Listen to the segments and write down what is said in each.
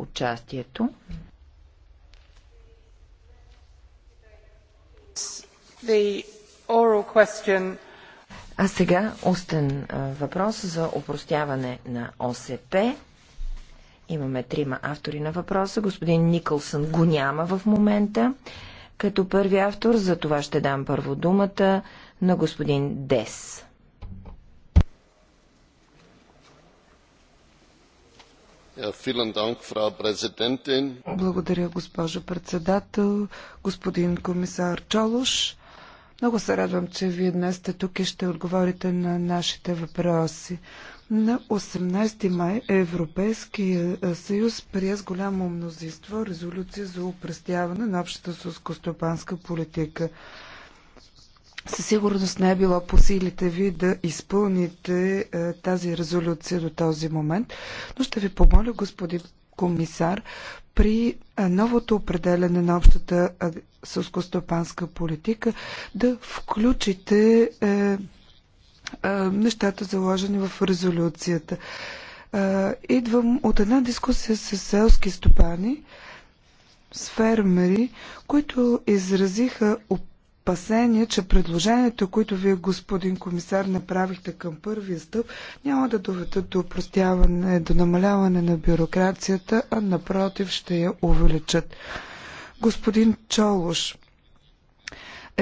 участието. А сега устен въпрос за упростяване на ОСП. Имаме трима автори на въпроса. Господин Никълсън го няма в момента. Като първи автор за това ще дам първо думата на господин Дес. Благодаря, госпожо председател, господин комисар Чолуш, Много се радвам, че вие днес сте тук и ще отговорите на нашите въпроси. На 18 май Европейския съюз прие с голямо мнозинство резолюция за упрестяване на общата сълскостопанска политика със сигурност не е било по силите ви да изпълните е, тази резолюция до този момент, но ще ви помоля, господин комисар, при е, новото определене на общата е, сълскостопанска политика да включите е, е, нещата заложени в резолюцията. Е, идвам от една дискусия с селски стопани, с фермери, които изразиха опасение, че предложението, които вие, господин комисар, направихте към първия стъп, няма да доведат до упростяване, до намаляване на бюрокрацията, а напротив ще я увеличат. Господин Чолош,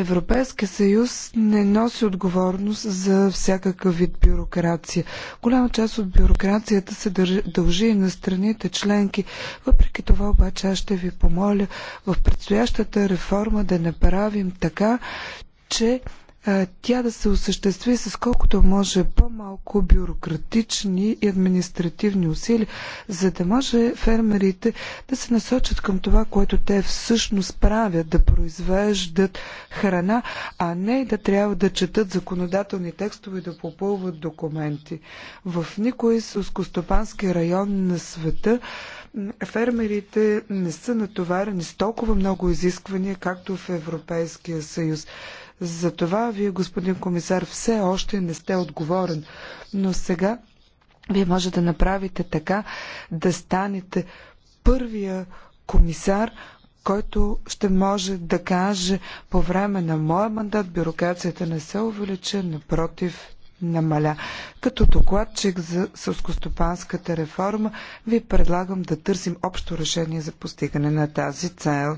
Европейския съюз не носи отговорност за всякакъв вид бюрокрация. Голяма част от бюрокрацията се дължи и на страните членки. Въпреки това обаче аз ще ви помоля в предстоящата реформа да направим така, че тя да се осъществи с колкото може по-малко бюрократични и административни усилия, за да може фермерите да се насочат към това, което те всъщност правят, да произвеждат храна, а не да трябва да четат законодателни текстове и да попълват документи. В никой селскостопански район на света фермерите не са натоварени с толкова много изисквания, както в Европейския съюз. За това вие, господин комисар, все още не сте отговорен. Но сега вие може да направите така, да станете първия комисар, който ще може да каже по време на моя мандат бюрокрацията не се увеличи, напротив намаля. Като докладчик за сълскостопанската реформа ви предлагам да търсим общо решение за постигане на тази цел.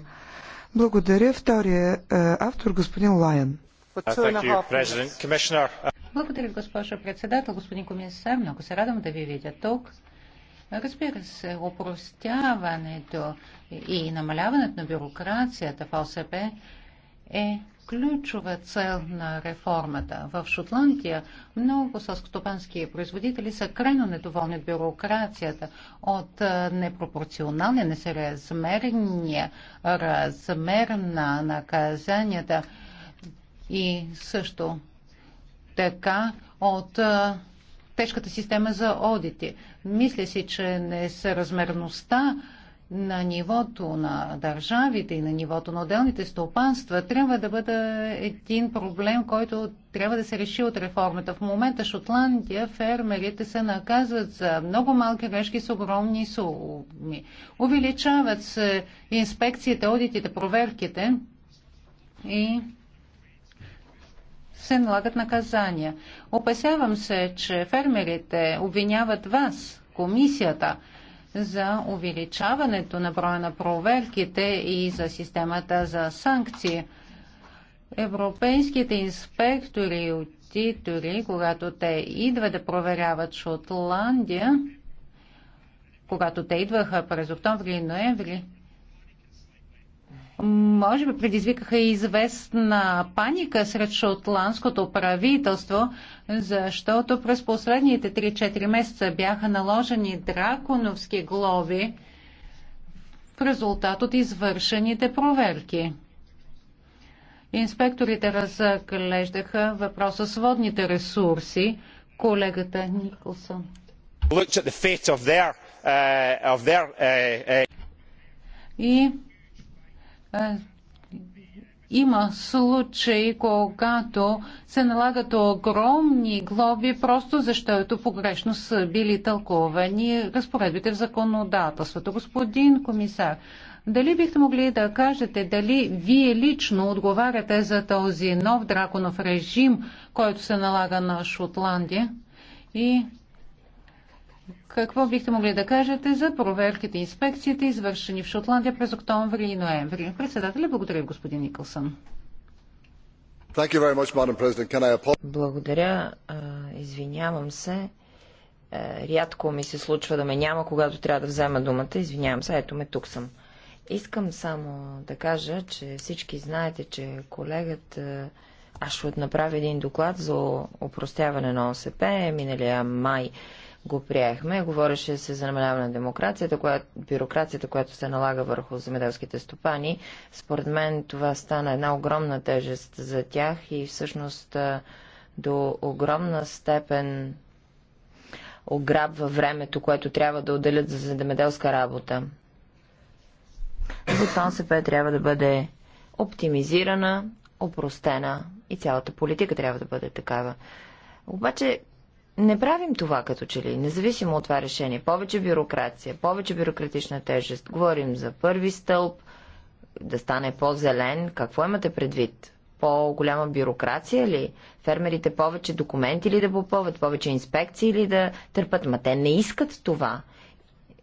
Благодаря. Втория е, автор, господин Лайен. Uh, uh, Благодаря, госпожа председател, господин комисар. Много се радвам да ви видя тук. Разбира се, опростяването и намаляването на бюрокрацията в ОСП е ключова цел на реформата. В Шотландия много съскотопански производители са крайно недоволни от бюрокрацията, от непропорционалния, несъразмерния размер на наказанията и също така от тежката система за одити. Мисля си, че несъразмерността на нивото на държавите и на нивото на отделните стопанства трябва да бъде един проблем, който трябва да се реши от реформата. В момента Шотландия фермерите се наказват за много малки грешки с огромни суми. Увеличават се инспекциите, одитите, проверките и се налагат наказания. Опасявам се, че фермерите обвиняват вас, комисията, за увеличаването на броя на проверките и за системата за санкции. Европейските инспектори и аудитори, когато те идват да проверяват Шотландия, когато те идваха през октомври и ноември, може би предизвикаха и известна паника сред шотландското правителство, защото през последните 3-4 месеца бяха наложени драконовски глоби в резултат от извършените проверки. Инспекторите разглеждаха въпроса с водните ресурси. Колегата Николсън. Uh, uh, uh, и е, има случаи, когато се налагат огромни глоби, просто защото погрешно са били тълковани разпоредбите в законодателството. Господин комисар, дали бихте могли да кажете, дали вие лично отговаряте за този нов драконов режим, който се налага на Шотландия? И какво бихте могли да кажете за проверките и инспекциите, извършени в Шотландия през октомври и ноември? Председателя, благодаря господин Никълсън. Благодаря. Извинявам се. Рядко ми се случва да ме няма, когато трябва да взема думата. Извинявам се, ето ме, тук съм. Искам само да кажа, че всички знаете, че колегата Ашвуд направи един доклад за упростяване на ОСП миналия май го приехме. Говореше се за намаляване на демокрацията, която, бюрокрацията, която се налага върху земеделските стопани. Според мен това стана една огромна тежест за тях и всъщност до огромна степен ограбва времето, което трябва да отделят за земеделска работа. Затова СП трябва да бъде оптимизирана, опростена и цялата политика трябва да бъде такава. Обаче, не правим това като че ли, независимо от това решение. Повече бюрокрация, повече бюрократична тежест. Говорим за първи стълб, да стане по-зелен. Какво имате предвид? По-голяма бюрокрация ли? Фермерите повече документи ли да попълват, повече инспекции ли да търпат? Ма те не искат това.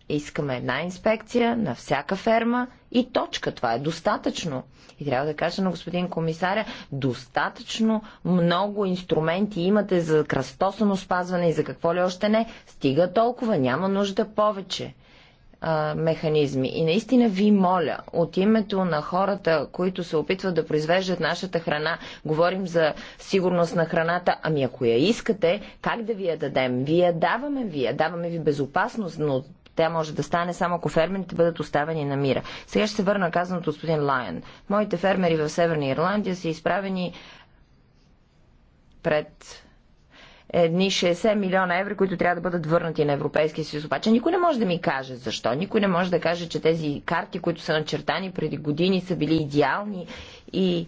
Искаме една инспекция на всяка ферма и точка. Това е достатъчно. И трябва да кажа на господин комисаря, достатъчно много инструменти имате за кръстосано спазване и за какво ли още не. Стига толкова, няма нужда повече а, механизми. И наистина ви моля, от името на хората, които се опитват да произвеждат нашата храна, говорим за сигурност на храната, ами ако я искате, как да ви я дадем? Вие даваме вие, даваме ви безопасност, но тя може да стане само ако фермерите бъдат оставени на мира. Сега ще се върна казаното господин Лайон. Моите фермери в Северна Ирландия са изправени пред едни 60 милиона евро, които трябва да бъдат върнати на Европейския съюз. Обаче никой не може да ми каже защо. Никой не може да каже, че тези карти, които са начертани преди години, са били идеални и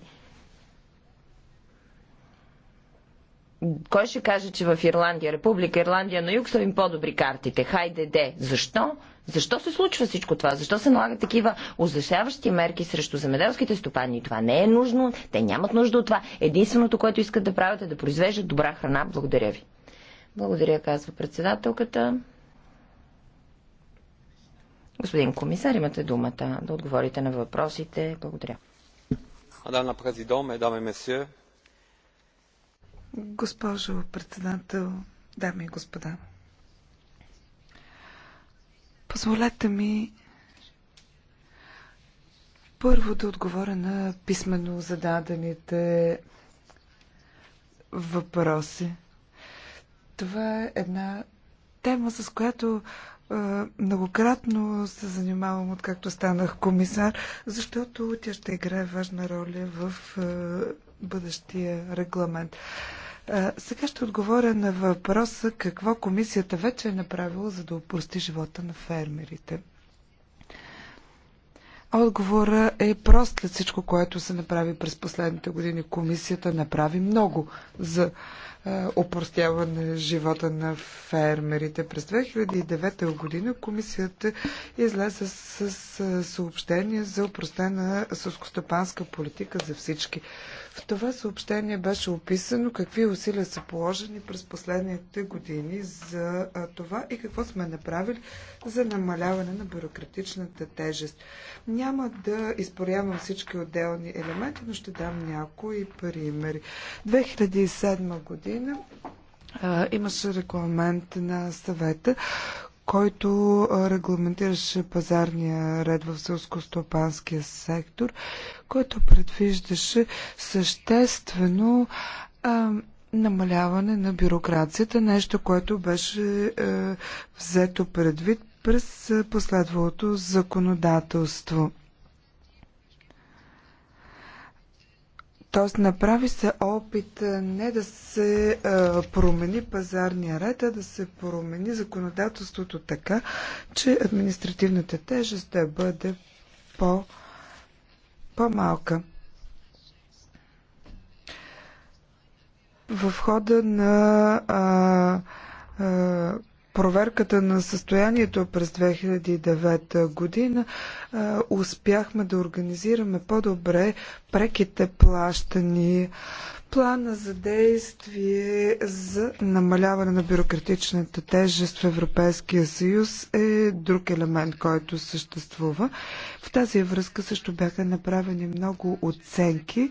кой ще каже, че в Ирландия, Република Ирландия на юг са им по-добри картите? Хайде де! Защо? Защо се случва всичко това? Защо се налагат такива озашаващи мерки срещу земеделските стопани? Това не е нужно, те нямат нужда от това. Единственото, което искат да правят е да произвеждат добра храна. Благодаря ви. Благодаря, казва председателката. Господин комисар, имате думата да отговорите на въпросите. Благодаря. Мадам президент, дами и месье, Госпожо председател, дами и господа, позволете ми първо да отговоря на писменно зададените въпроси. Това е една тема, с която многократно се занимавам, откакто станах комисар, защото тя ще играе важна роля в бъдещия регламент. Сега ще отговоря на въпроса какво комисията вече е направила, за да упрости живота на фермерите. Отговора е прост след всичко, което се направи през последните години. Комисията направи много за е, опростяване живота на фермерите. През 2009 година комисията излезе с, е, съобщение за опростена съскостопанска политика за всички. В това съобщение беше описано какви усилия са положени през последните години за това и какво сме направили за намаляване на бюрократичната тежест. Няма да изпорявам всички отделни елементи, но ще дам някои примери. 2007 година имаше регламент на съвета, който регламентираше пазарния ред в селско-стопанския сектор, който предвиждаше съществено а, намаляване на бюрокрацията, нещо, което беше а, взето предвид през последвалото законодателство. Тоест направи се опит не да се а, промени пазарния ред, а да се промени законодателството така, че административната тежест да бъде по, по-малка. В хода на а, а, проверката на състоянието през 2009 година успяхме да организираме по-добре преките плащани, плана за действие за намаляване на бюрократичната тежест в Европейския съюз е друг елемент, който съществува. В тази връзка също бяха направени много оценки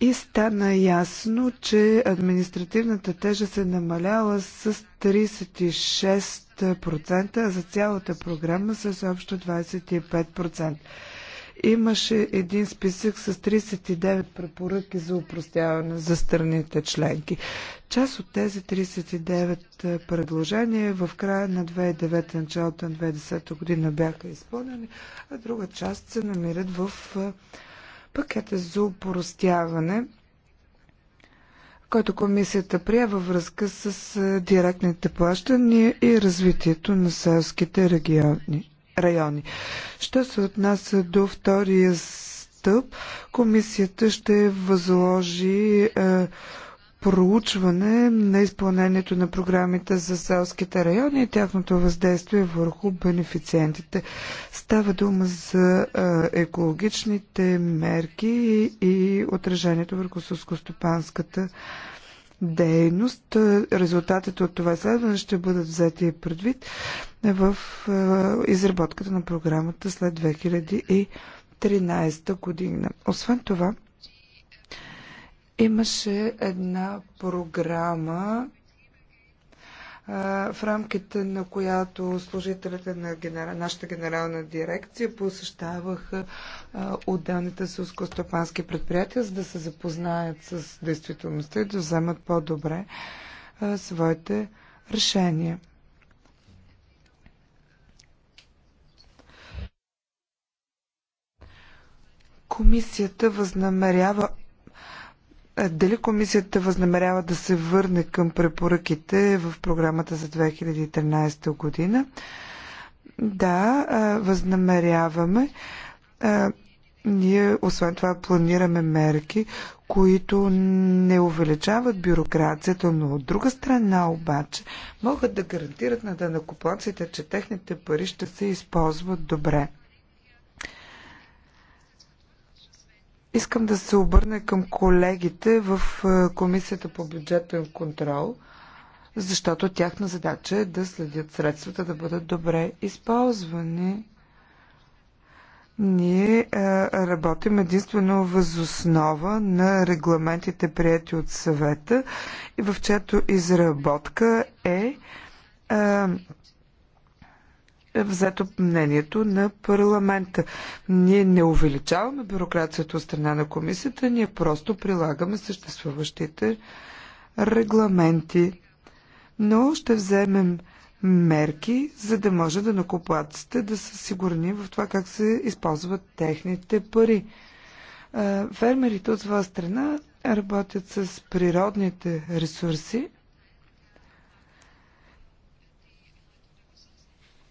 и стана ясно, че административната тежест е намаляла с 36%, за цялата програма с общо 25%. Имаше един списък с 39 препоръки за упростяване за страните членки. Част от тези 39 предложения в края на 2009, началото на 2010 година бяха изпълнени, а друга част се намират в Пакета за упоростяване, който комисията прие във връзка с директните плащания и развитието на селските региони, райони. Що се отнася до втория стълб, комисията ще възложи е, проучване на изпълнението на програмите за селските райони и тяхното въздействие върху бенефициентите. Става дума за екологичните мерки и отражението върху сълскостопанската дейност. Резултатите от това следване ще бъдат взети предвид в изработката на програмата след 2013 година. Освен това, Имаше една програма, в рамките на която служителите на генера... нашата генерална дирекция посещаваха отделните стопански предприятия, за да се запознаят с действителността и да вземат по-добре своите решения. Комисията възнамерява е, дали комисията възнамерява да се върне към препоръките в програмата за 2013 година? Да, е, възнамеряваме. Е, ние, освен това, планираме мерки, които не увеличават бюрокрацията, но от друга страна обаче могат да гарантират на данъкоплаците, че техните пари ще се използват добре. Искам да се обърна към колегите в е, Комисията по бюджетен контрол, защото тяхна задача е да следят средствата да бъдат добре използвани. Ние е, работим единствено възоснова на регламентите, прияти от съвета, и в чето изработка е, е е взето мнението на парламента. Ние не увеличаваме бюрокрацията от страна на комисията, ние просто прилагаме съществуващите регламенти. Но ще вземем мерки, за да може да накоплаците да са сигурни в това как се използват техните пари. Е, фермерите от своя страна работят с природните ресурси,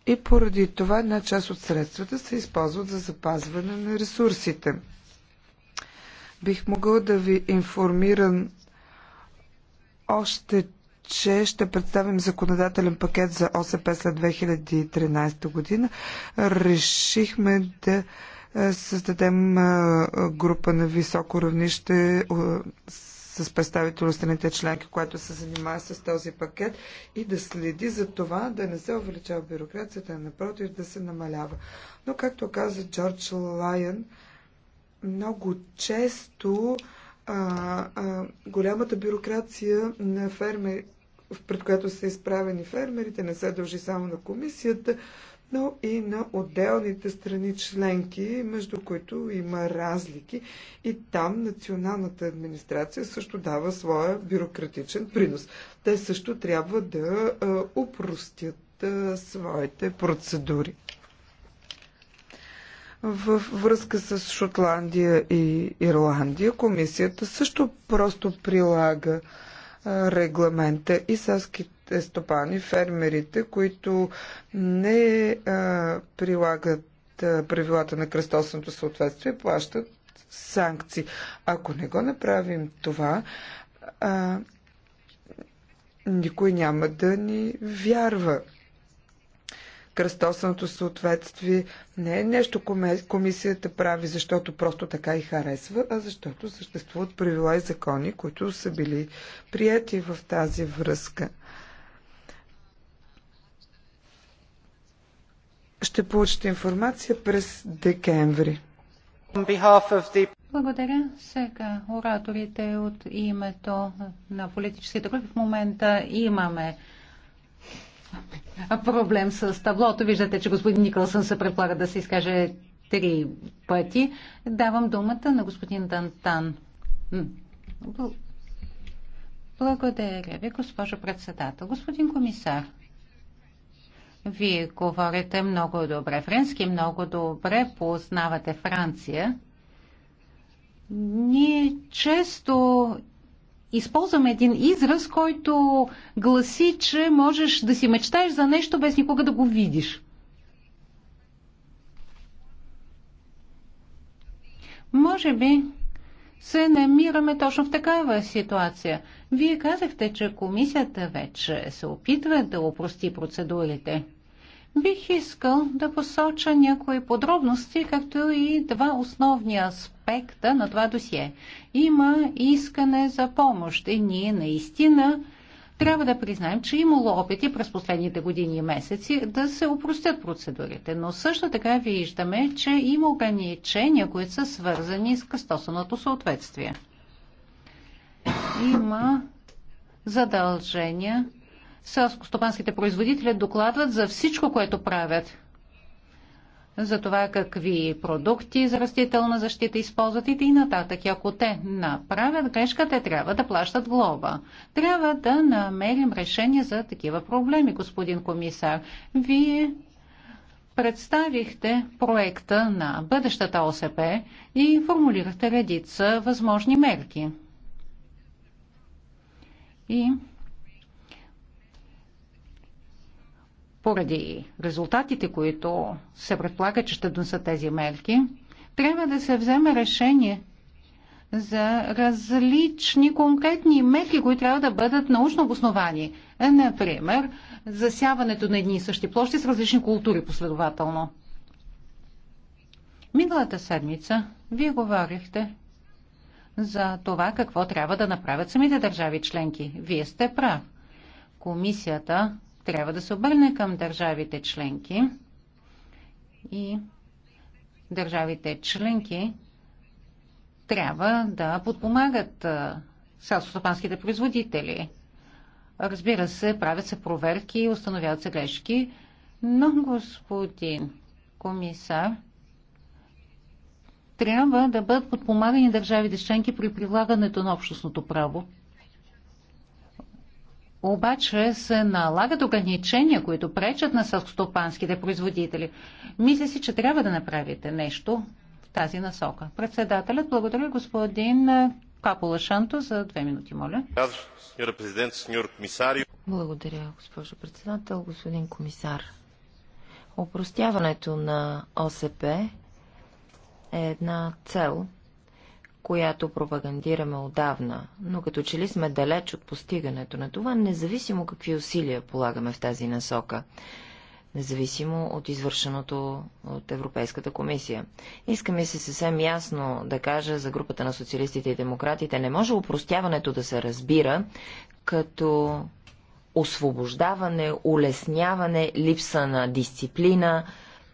и поради това една част от средствата се използват за запазване на ресурсите. Бих могъл да ви информирам още, че ще представим законодателен пакет за ОСП след 2013 година. Решихме да е, създадем е, група на високо равнище е, с представители страните членки, която се занимава с този пакет и да следи за това да не се увеличава бюрокрацията, а напротив да се намалява. Но както каза Джордж Лайън, много често а, а, голямата бюрокрация на фермерите пред която са изправени фермерите, не се дължи само на комисията, но и на отделните страни членки, между които има разлики. И там националната администрация също дава своя бюрократичен принос. Те също трябва да упростят своите процедури. В връзка с Шотландия и Ирландия комисията също просто прилага регламента и селските стопани, фермерите, които не прилагат правилата на кръстосното съответствие, плащат санкции. Ако не го направим това, никой няма да ни вярва кръстосаното съответствие не е нещо, комисията прави, защото просто така и харесва, а защото съществуват правила и закони, които са били прияти в тази връзка. Ще получите информация през декември. Благодаря. Сега ораторите от името на политическите групи. В момента имаме проблем с таблото. Виждате, че господин Никълсън се предлага да се изкаже три пъти. Давам думата на господин Дантан. Благодаря ви, госпожо председател. Господин комисар, вие говорите много добре френски, много добре познавате Франция. Ние често използвам един израз, който гласи, че можеш да си мечтаеш за нещо без никога да го видиш. Може би се намираме точно в такава ситуация. Вие казахте, че комисията вече се опитва да опрости процедурите. Бих искал да посоча някои подробности, както и два основни аспекта на това досие. Има искане за помощ и ние наистина трябва да признаем, че е имало опити през последните години и месеци да се упростят процедурите, но също така виждаме, че има ограничения, които са свързани с къстосаното съответствие. Има задължения селскостопанските производители докладват за всичко, което правят. За това какви продукти за растителна защита използват и нататък. И ако те направят грешка, те трябва да плащат глоба. Трябва да намерим решение за такива проблеми, господин комисар. Вие представихте проекта на бъдещата ОСП и формулирахте редица възможни мерки. И Поради резултатите, които се предполага, че ще донесат тези мерки, трябва да се вземе решение за различни конкретни мерки, които трябва да бъдат научно обосновани. Например, засяването на едни и същи площи с различни култури последователно. Миналата седмица вие говорихте за това какво трябва да направят самите държави членки. Вие сте прав. Комисията трябва да се обърне към държавите членки и държавите членки трябва да подпомагат селскостопанските производители. Разбира се, правят се проверки и установяват се грешки, но господин комисар, трябва да бъдат подпомагани държавите членки при прилагането на общностното право обаче се налагат ограничения, които пречат на селскостопанските производители. Мисля си, че трябва да направите нещо в тази насока. Председателят, благодаря господин Капола Шанто за две минути, моля. Благодаря, госпожо председател, господин комисар. Опростяването на ОСП е една цел, която пропагандираме отдавна, но като че ли сме далеч от постигането на това, независимо какви усилия полагаме в тази насока, независимо от извършеното от Европейската комисия. Искаме се съвсем ясно да кажа за групата на социалистите и демократите, не може упростяването да се разбира като освобождаване, улесняване, липса на дисциплина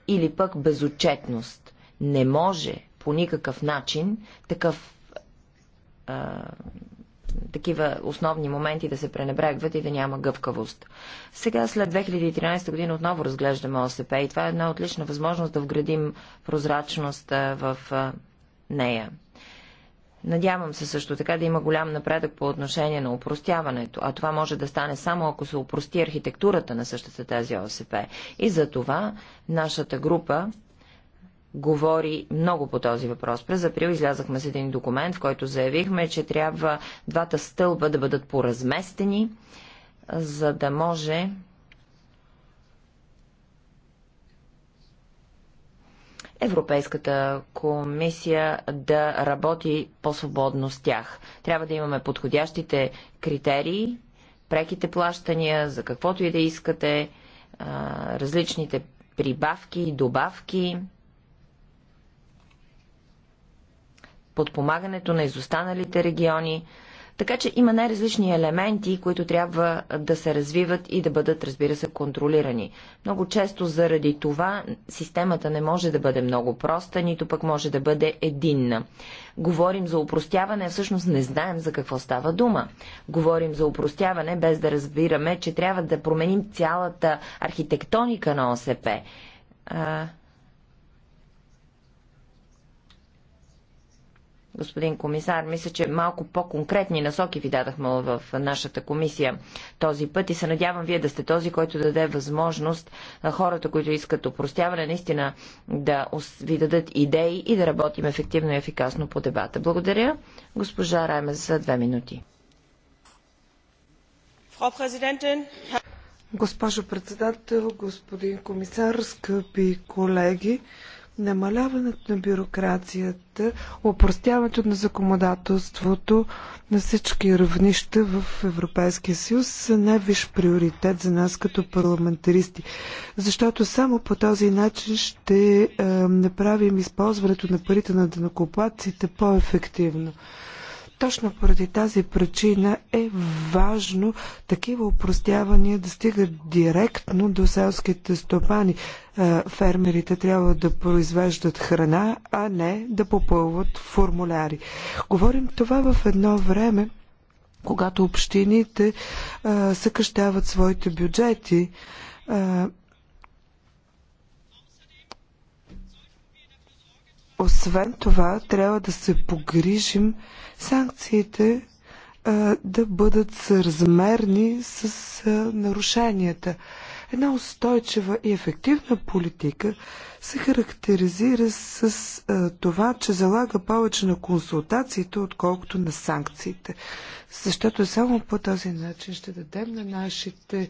или пък безотчетност. Не може по никакъв начин такъв, а, такива основни моменти да се пренебрегват и да няма гъвкавост. Сега след 2013 година отново разглеждаме ОСП и това е една отлична възможност да вградим прозрачност в а, нея. Надявам се също така да има голям напредък по отношение на упростяването, а това може да стане само ако се упрости архитектурата на същата тази ОСП. И за това нашата група говори много по този въпрос. През април излязахме с един документ, в който заявихме, че трябва двата стълба да бъдат поразместени, за да може Европейската комисия да работи по-свободно с тях. Трябва да имаме подходящите критерии, преките плащания, за каквото и да искате, различните прибавки и добавки, подпомагането на изостаналите региони. Така че има най-различни елементи, които трябва да се развиват и да бъдат, разбира се, контролирани. Много често заради това системата не може да бъде много проста, нито пък може да бъде единна. Говорим за упростяване, всъщност не знаем за какво става дума. Говорим за упростяване, без да разбираме, че трябва да променим цялата архитектоника на ОСП господин комисар. Мисля, че малко по-конкретни насоки ви дадахме в нашата комисия този път и се надявам вие да сте този, който даде възможност на хората, които искат упростяване, наистина да ви дадат идеи и да работим ефективно и ефикасно по дебата. Благодаря, госпожа Райме, за две минути. Госпожо председател, господин комисар, скъпи колеги, намаляването на бюрокрацията, опростяването на законодателството на всички равнища в Европейския съюз са най-виш приоритет за нас като парламентаристи. Защото само по този начин ще е, направим използването на парите на данокоплаците по-ефективно. Точно поради тази причина е важно такива упростявания да стигат директно до селските стопани. Е, фермерите трябва да произвеждат храна, а не да попълват формуляри. Говорим това в едно време, когато общините а, е, съкъщават своите бюджети. А, е, освен това, трябва да се погрижим санкциите да бъдат съразмерни с нарушенията. Една устойчива и ефективна политика се характеризира с а, това, че залага повече на консултациите, отколкото на санкциите. Защото само по този начин ще дадем на нашите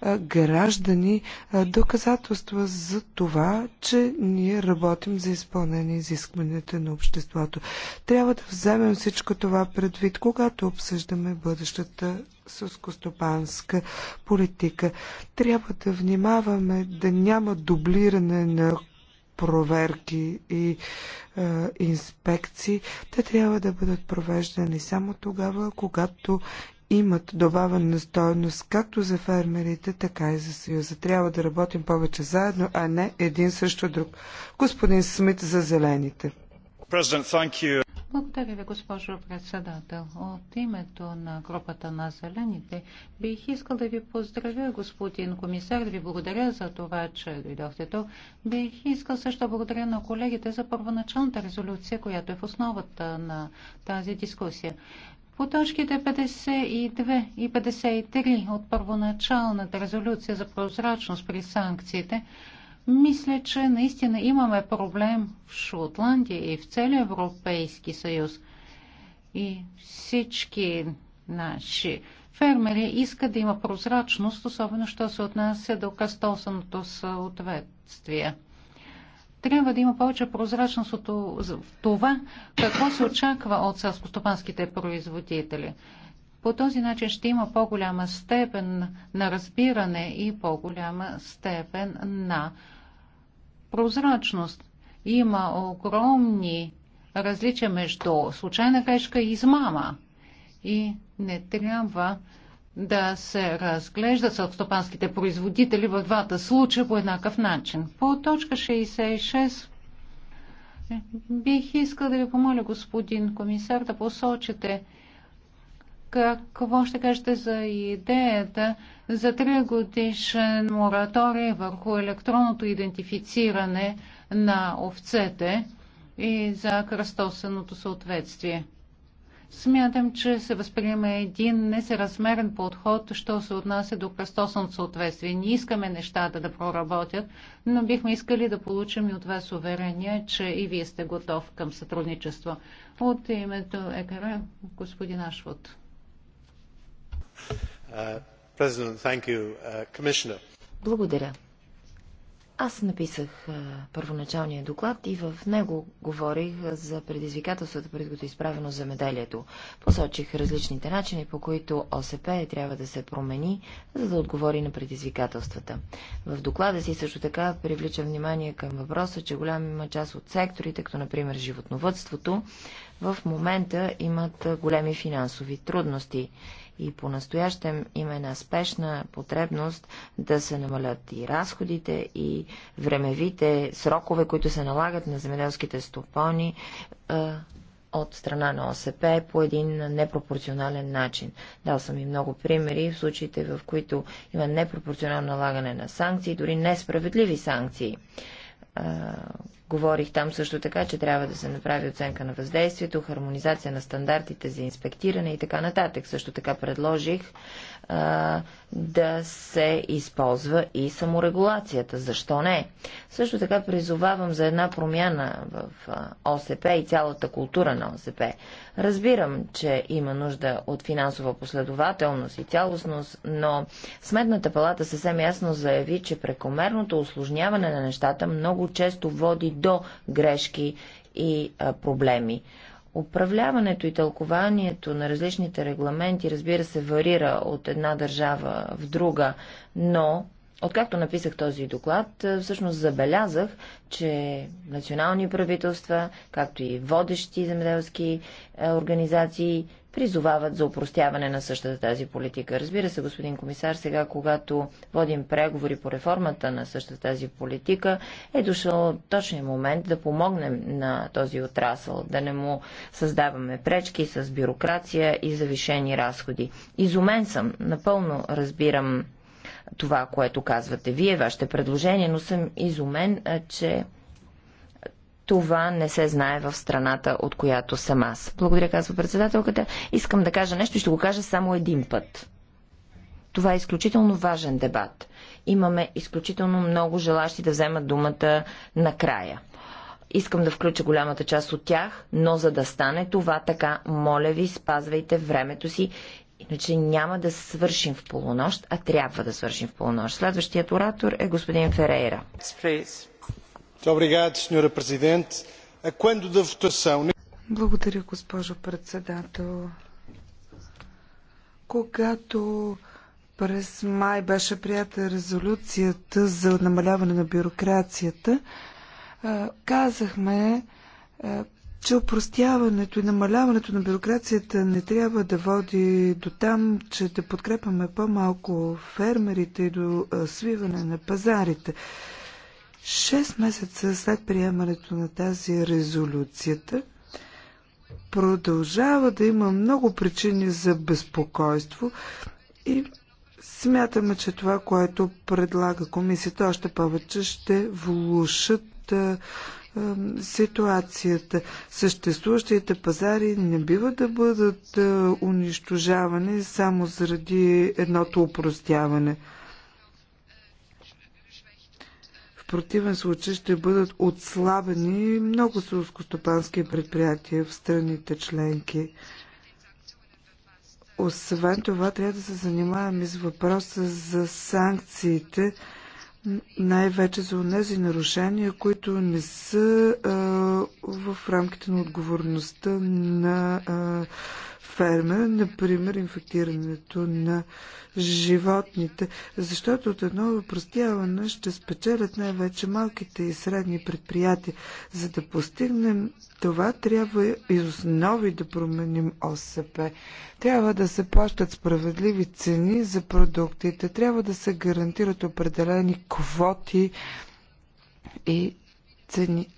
а, граждани а, доказателства за това, че ние работим за изпълнение изискванията на обществото. Трябва да вземем всичко това предвид, когато обсъждаме бъдещата сълскостопанска политика. Трябва да внимаваме да няма дублиране на проверки и е, инспекции. Те трябва да бъдат провеждани само тогава, когато имат добавена стоеност както за фермерите, така и за Съюза. Трябва да работим повече заедно, а не един също друг. Господин Смит за зелените. Благодаря ви, госпожо председател. От името на групата на зелените бих искал да ви поздравя, господин комисар, да ви благодаря за това, че дойдохте тук. Бих искал също благодаря на колегите за първоначалната резолюция, която е в основата на тази дискусия. По точките 52 и 53 от първоначалната резолюция за прозрачност при санкциите, мисля, че наистина имаме проблем в Шотландия и в целия Европейски съюз. И всички наши фермери искат да има прозрачност, особено що се отнася до кастосаното съответствие. Трябва да има повече прозрачност от това, какво се очаква от селскостопанските производители. По този начин ще има по-голяма степен на разбиране и по-голяма степен на прозрачност. Има огромни различия между случайна грешка и измама. И не трябва да се разглеждат стопанските производители в двата случая по еднакъв начин. По точка 66 е, бих искал да ви помоля, господин комисар, да посочите какво ще кажете за идеята за 3 годишен мораторий върху електронното идентифициране на овцете и за кръстосаното съответствие? Смятам, че се възприема един несеразмерен подход, що се отнася до кръстосното съответствие. Ние искаме нещата да проработят, но бихме искали да получим и от вас уверение, че и вие сте готов към сътрудничество. От името ЕКР, господин Ашвод. Uh, uh, Благодаря. Аз написах първоначалния доклад и в него говорих за предизвикателствата, пред които е изправено замеделието. Посочих различните начини, по които ОСП трябва да се промени, за да отговори на предизвикателствата. В доклада си също така привлича внимание към въпроса, че голяма част от секторите, като например животновътството, в момента имат големи финансови трудности и по-настоящем има една спешна потребност да се намалят и разходите, и времевите срокове, които се налагат на земеделските стопани от страна на ОСП по един непропорционален начин. Дал съм и много примери в случаите, в които има непропорционално налагане на санкции, дори несправедливи санкции. А, говорих там също така, че трябва да се направи оценка на въздействието, хармонизация на стандартите за инспектиране и така нататък. Също така предложих да се използва и саморегулацията. Защо не? Също така призовавам за една промяна в ОСП и цялата култура на ОСП. Разбирам, че има нужда от финансова последователност и цялостност, но Сметната палата съвсем ясно заяви, че прекомерното осложняване на нещата много често води до грешки и проблеми. Управляването и тълкованието на различните регламенти, разбира се, варира от една държава в друга, но Откакто написах този доклад, е, всъщност забелязах, че национални правителства, както и водещи земеделски е, организации, призовават за упростяване на същата тази политика. Разбира се, господин комисар, сега, когато водим преговори по реформата на същата тази политика, е дошъл точния момент да помогнем на този отрасъл, да не му създаваме пречки с бюрокрация и завишени разходи. Изумен съм, напълно разбирам това, което казвате вие, вашите предложения, но съм изумен, че това не се знае в страната, от която съм аз. Благодаря, казва председателката. Искам да кажа нещо и ще го кажа само един път. Това е изключително важен дебат. Имаме изключително много желащи да вземат думата накрая. Искам да включа голямата част от тях, но за да стане това така, моля ви, спазвайте времето си, иначе няма да свършим в полунощ, а трябва да свършим в полунощ. Следващият оратор е господин Ферейра. Please. Благодаря, госпожо председател. Когато през май беше прията резолюцията за намаляване на бюрокрацията, казахме, че опростяването и намаляването на бюрокрацията не трябва да води до там, че да подкрепяме по-малко фермерите и до свиване на пазарите. Шест месеца след приемането на тази резолюцията, продължава да има много причини за безпокойство и смятаме, че това, което предлага комисията, още повече ще влушат а, а, ситуацията. Съществуващите пазари не бива да бъдат а, унищожавани само заради едното упростяване – противен случай ще бъдат отслабени много селскостопански предприятия в страните членки. Освен това, трябва да се занимаваме и с въпроса за санкциите, най-вече за тези нарушения, които не са а, в рамките на отговорността на а, ферма, например инфектирането на животните, защото от едно простяване ще спечелят най-вече малките и средни предприятия. За да постигнем това, трябва и основи да променим ОСП. Трябва да се плащат справедливи цени за продуктите, трябва да се гарантират определени квоти и цени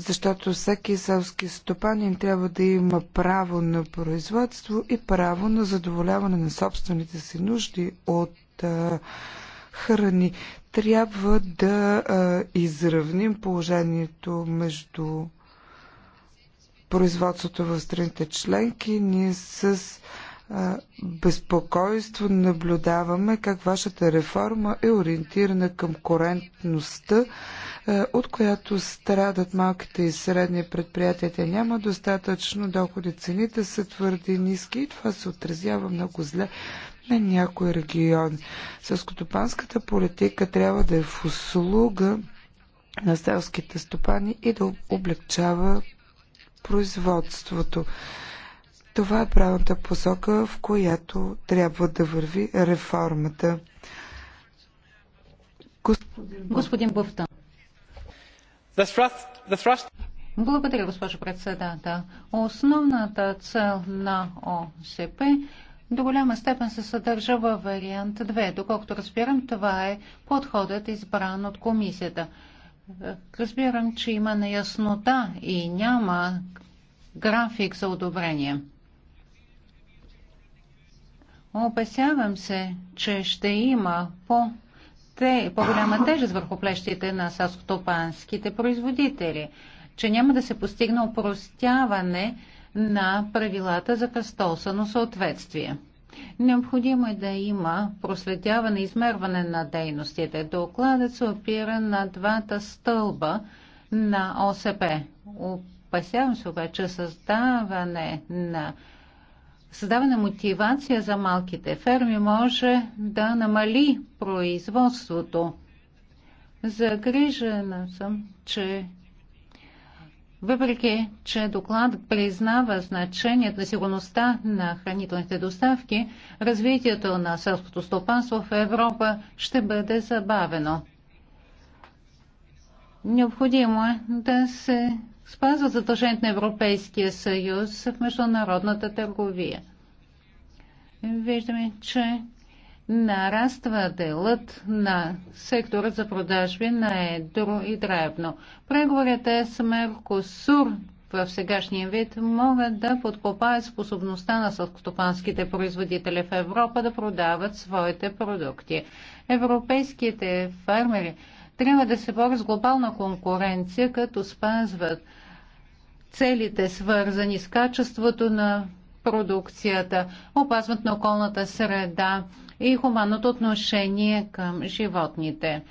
защото всеки селски стопанин трябва да има право на производство и право на задоволяване на собствените си нужди от а, храни. Трябва да а, изравним положението между производството в страните членки ние с безпокойство наблюдаваме как вашата реформа е ориентирана към корентността, е, от която страдат малките и средни предприятия. Те няма достатъчно доходи, цените са твърде ниски и това се отразява много зле на някои региони. Съскотопанската политика трябва да е в услуга на селските стопани и да облегчава производството. Това е правилната посока, в която трябва да върви реформата. Господин, Господин Благодаря, госпожо председател. Основната цел на ОСП до голяма степен се съдържа във вариант 2. Доколкото разбирам, това е подходът избран от комисията. Разбирам, че има неяснота и няма график за одобрение. Опасявам се, че ще има по те, по-голяма тежест върху плещите на селскостопанските производители, че няма да се постигне упростяване на правилата за кръстосано съответствие. Необходимо е да има проследяване и измерване на дейностите. Докладът се опира на двата стълба на ОСП. Опасявам се обаче създаване на създаване мотивация за малките ферми може да намали производството. Загрижена съм, че въпреки, че докладът признава значението на сигурността на хранителните доставки, развитието на селското стопанство в Европа ще бъде забавено. Необходимо е да се спазват задължението на Европейския съюз в международната търговия. Виждаме, че нараства делът на сектора за продажби на едро и дребно. Преговорите с Меркосур в сегашния вид могат да подкопаят способността на съвкостопанските производители в Европа да продават своите продукти. Европейските фермери трябва да се борят с глобална конкуренция, като спазват целите, свързани с качеството на продукцията, опазват на околната среда и хуманното отношение към животните.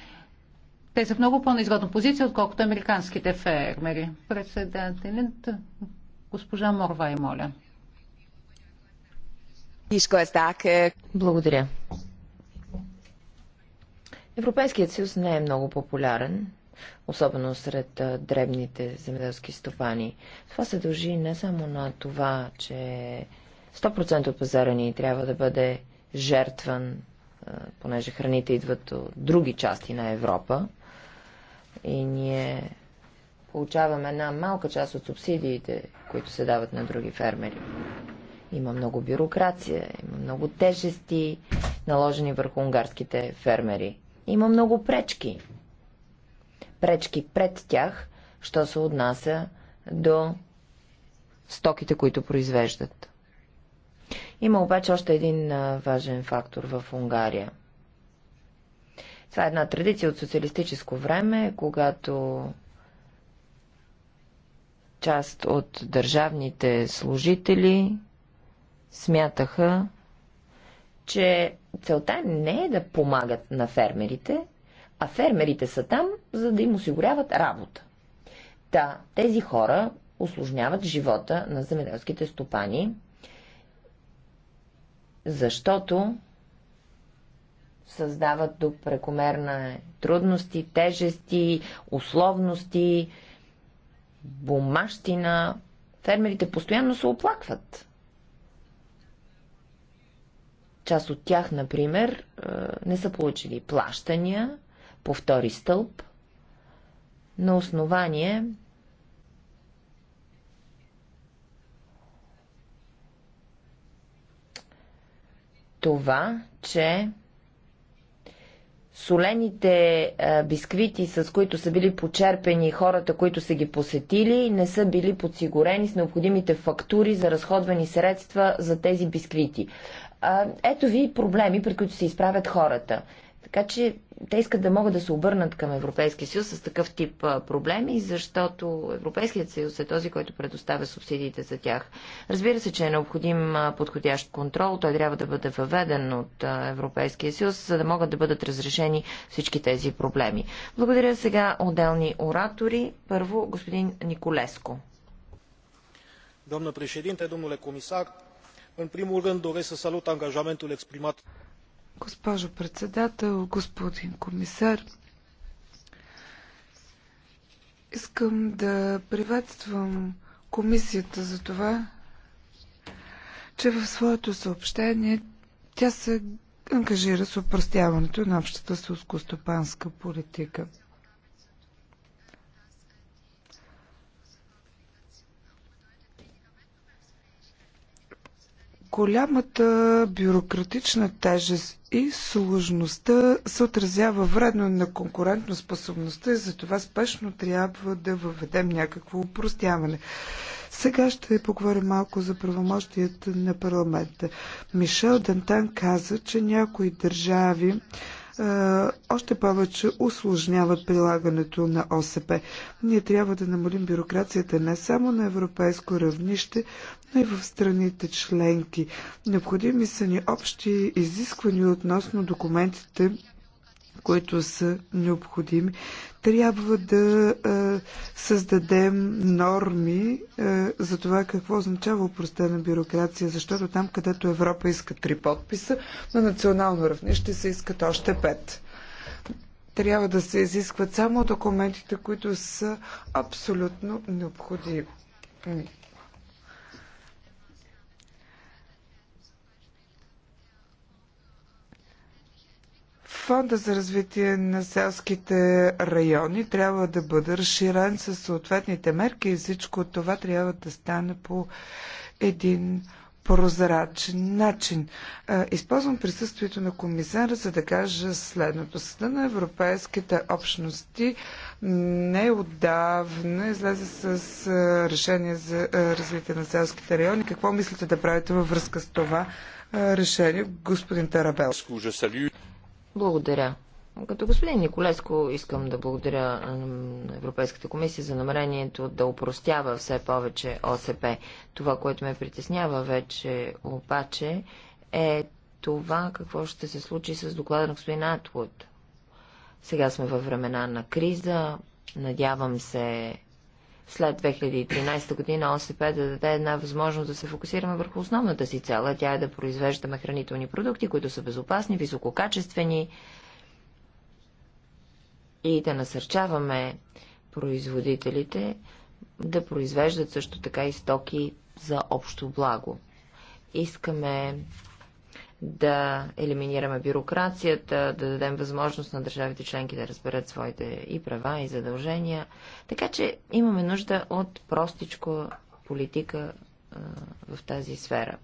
Те са в много по-неизгодна позиция, отколкото американските фермери. Председателят госпожа Морвай, моля. Благодаря. Европейският съюз не е много популярен особено сред дребните земеделски стопани. Това се дължи не само на това, че 100% от пазара ни трябва да бъде жертван, понеже храните идват от други части на Европа и ние получаваме една малка част от субсидиите, които се дават на други фермери. Има много бюрокрация, има много тежести, наложени върху унгарските фермери. Има много пречки пречки пред тях, що се отнася до стоките, които произвеждат. Има обаче още един важен фактор в Унгария. Това е една традиция от социалистическо време, когато част от държавните служители смятаха, че целта не е да помагат на фермерите, а фермерите са там, за да им осигуряват работа. Та, да, тези хора осложняват живота на земеделските стопани, защото създават до прекомерна трудности, тежести, условности, бумащина. Фермерите постоянно се оплакват. Част от тях, например, е, не са получили плащания по втори стълб на основание това, че солените бисквити, с които са били почерпени хората, които са ги посетили, не са били подсигурени с необходимите фактури за разходвани средства за тези бисквити. Ето ви проблеми, при които се изправят хората. Така че те искат да могат да се обърнат към Европейския съюз с такъв тип проблеми, защото Европейският съюз е този, който предоставя субсидиите за тях. Разбира се, че е необходим подходящ контрол. Той трябва да бъде въведен от Европейския съюз, за да могат да бъдат разрешени всички тези проблеми. Благодаря сега отделни оратори. Първо, господин Николеско. Doamnă președinte, domnule comisar, în primul rând doresc să salut angajamentul exprimat. Госпожо председател, господин комисар, искам да приветствам комисията за това, че в своето съобщение тя се ангажира с упростяването на общата селско-стопанска политика. голямата бюрократична тежест и сложността се отразява вредно на конкурентоспособността и затова спешно трябва да въведем някакво упростяване. Сега ще поговорим малко за правомощията на парламента. Мишел Дантан каза, че някои държави още повече усложняват прилагането на ОСП. Ние трябва да намалим бюрокрацията не само на европейско равнище, но и в страните членки. Необходими са ни общи изисквания относно документите които са необходими. Трябва да е, създадем норми е, за това какво означава упростена бюрокрация, защото там, където Европа иска три подписа, на национално равнище се искат още пет трябва да се изискват само документите, които са абсолютно необходими. Фонда за развитие на селските райони трябва да бъде разширен със съответните мерки и всичко това трябва да стане по един прозрачен начин. Използвам присъствието на комисара, за да кажа следното. Съда на европейските общности неодавна излезе с решение за развитие на селските райони. Какво мислите да правите във връзка с това решение, господин Тарабел? Благодаря. Като господин Николеско искам да благодаря на Европейската комисия за намерението да упростява все повече ОСП. Това, което ме притеснява вече обаче е това какво ще се случи с доклада на господин Атвуд. Сега сме във времена на криза. Надявам се след 2013 година ОСП е да даде една възможност да се фокусираме върху основната си цел, а тя е да произвеждаме хранителни продукти, които са безопасни, висококачествени и да насърчаваме производителите да произвеждат също така и стоки за общо благо. Искаме да елиминираме бюрокрацията, да дадем възможност на държавите членки да разберат своите и права, и задължения. Така че имаме нужда от простичко политика а, в тази сфера.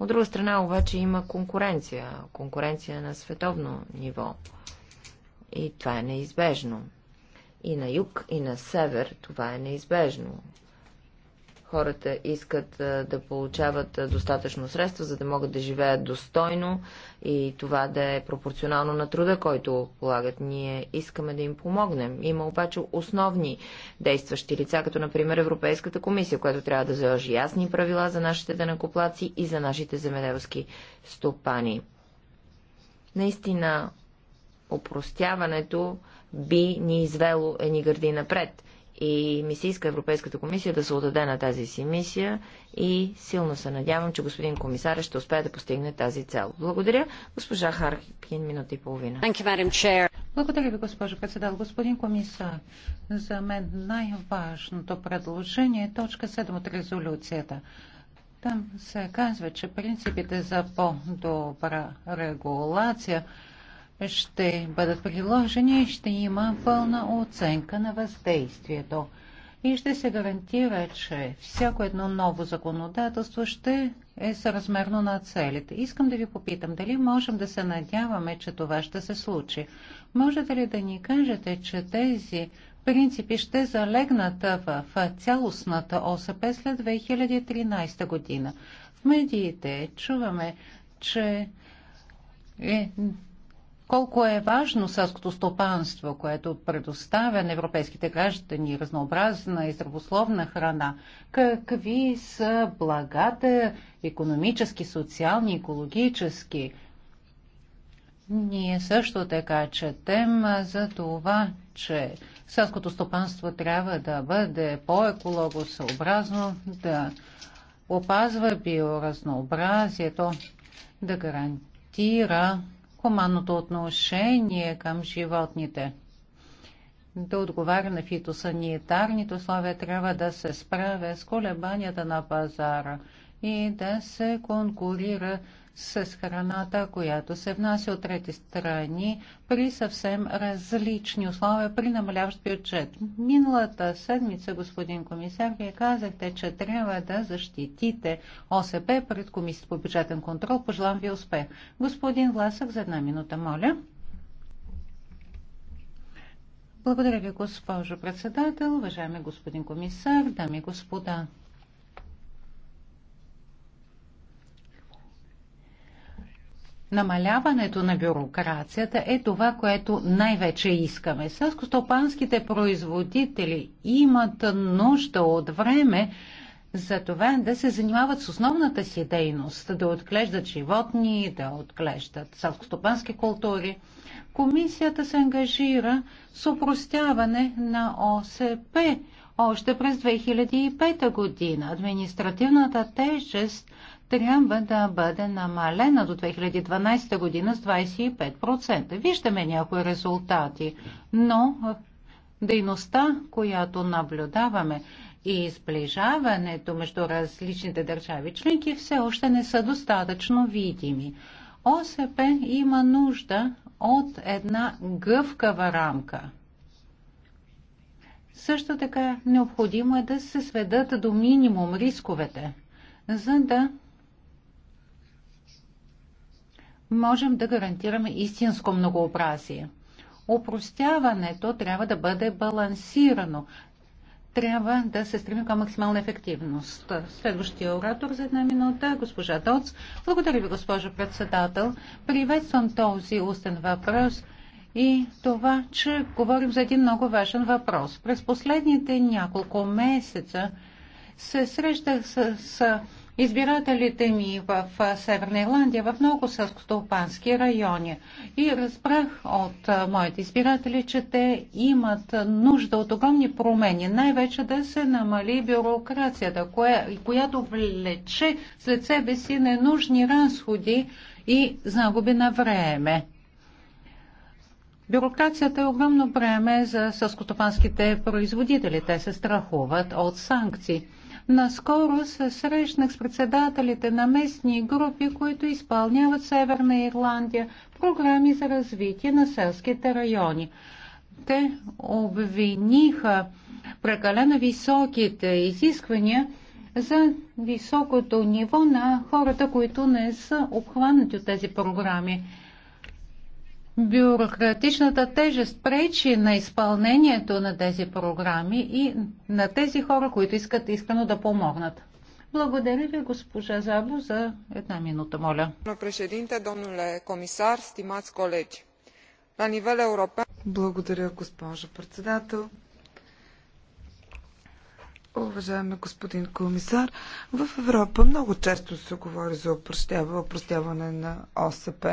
От друга страна обаче има конкуренция, конкуренция на световно ниво. И това е неизбежно. И на юг, и на север това е неизбежно. Хората искат да получават достатъчно средства, за да могат да живеят достойно и това да е пропорционално на труда, който полагат. Ние искаме да им помогнем. Има обаче основни действащи лица, като например Европейската комисия, която трябва да заложи ясни правила за нашите денакоплаци и за нашите земеделски стопани. Наистина, опростяването би ни извело ени гърди напред. И ми се иска Европейската комисия да се отдаде на тази си мисия и силно се надявам, че господин комисар ще успее да постигне тази цел. Благодаря. Госпожа Харкин, минута и половина. Благодаря ви, госпожо председател. Господин комисар, за мен най-важното предложение е точка 7 от резолюцията. Там се казва, че принципите за по-добра регулация ще бъдат приложени, ще има пълна оценка на въздействието и ще се гарантира, че всяко едно ново законодателство ще е съразмерно на целите. Искам да ви попитам, дали можем да се надяваме, че това ще се случи? Можете ли да ни кажете, че тези принципи ще залегнат в цялостната ОСП след 2013 година? В медиите чуваме, че е колко е важно селското стопанство, което предоставя на европейските граждани разнообразна и здравословна храна, какви са благата економически, социални, екологически. Ние също така четем за това, че селското стопанство трябва да бъде по-екологосъобразно, да опазва биоразнообразието, да гарантира хуманното отношение към животните. Да отговаря на фитосанитарните условия, трябва да се справя с колебанията на пазара и да се конкурира с храната, която се внася от трети страни при съвсем различни условия при намаляващ бюджет. Миналата седмица, господин комисар, вие казахте, че трябва да защитите ОСП пред Комисията по бюджетен контрол. Пожелавам ви успех. Господин Власък, за една минута, моля. Благодаря ви, госпожо председател, уважаеми господин комисар, дами и господа. Намаляването на бюрокрацията е това, което най-вече искаме. Селскостопанските производители имат нужда от време за това да се занимават с основната си дейност, да отглеждат животни, да отглеждат селскостопански култури. Комисията се ангажира с упростяване на ОСП още през 2005 година. Административната тежест – трябва да бъде намалена до 2012 година с 25%. Виждаме някои резултати, но дейността, която наблюдаваме и сближаването между различните държави членки все още не са достатъчно видими. ОСП има нужда от една гъвкава рамка. Също така необходимо е да се сведат до минимум рисковете, за да можем да гарантираме истинско многообразие. Опростяването трябва да бъде балансирано. Трябва да се стремим към максимална ефективност. Следващия оратор за една минута госпожа Доц. Благодаря ви, госпожо председател. Приветствам този устен въпрос и това, че говорим за един много важен въпрос. През последните няколко месеца се срещах с, с избирателите ми в Северна Ирландия в много сърскостопански райони. И разбрах от моите избиратели, че те имат нужда от огромни промени, най-вече да се намали бюрокрацията, коя, която влече след себе си ненужни разходи и загуби на време. Бюрокрацията е огромно бреме за съскотопанските производители. Те се страхуват от санкции. Наскоро се срещнах с председателите на местни групи, които изпълняват Северна Ирландия програми за развитие на селските райони. Те обвиниха прекалено високите изисквания за високото ниво на хората, които не са обхванати от тези програми бюрократичната тежест пречи на изпълнението на тези програми и на тези хора, които искат искрено да помогнат. Благодаря ви, госпожа Забо, за една минута, моля. Domnule комисар, stimați колеги, на нивел european... Благодаря, госпожо председател. Уважаеми господин комисар, в Европа много често се говори за опростяване на ОСП.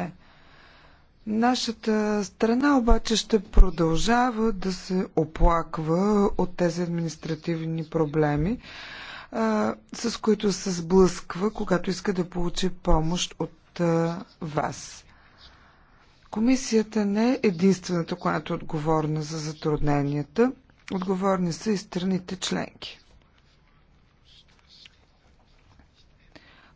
Нашата страна обаче ще продължава да се оплаква от тези административни проблеми, а, с които се сблъсква, когато иска да получи помощ от а, вас. Комисията не е единствената, която е отговорна за затрудненията. Отговорни са и страните членки.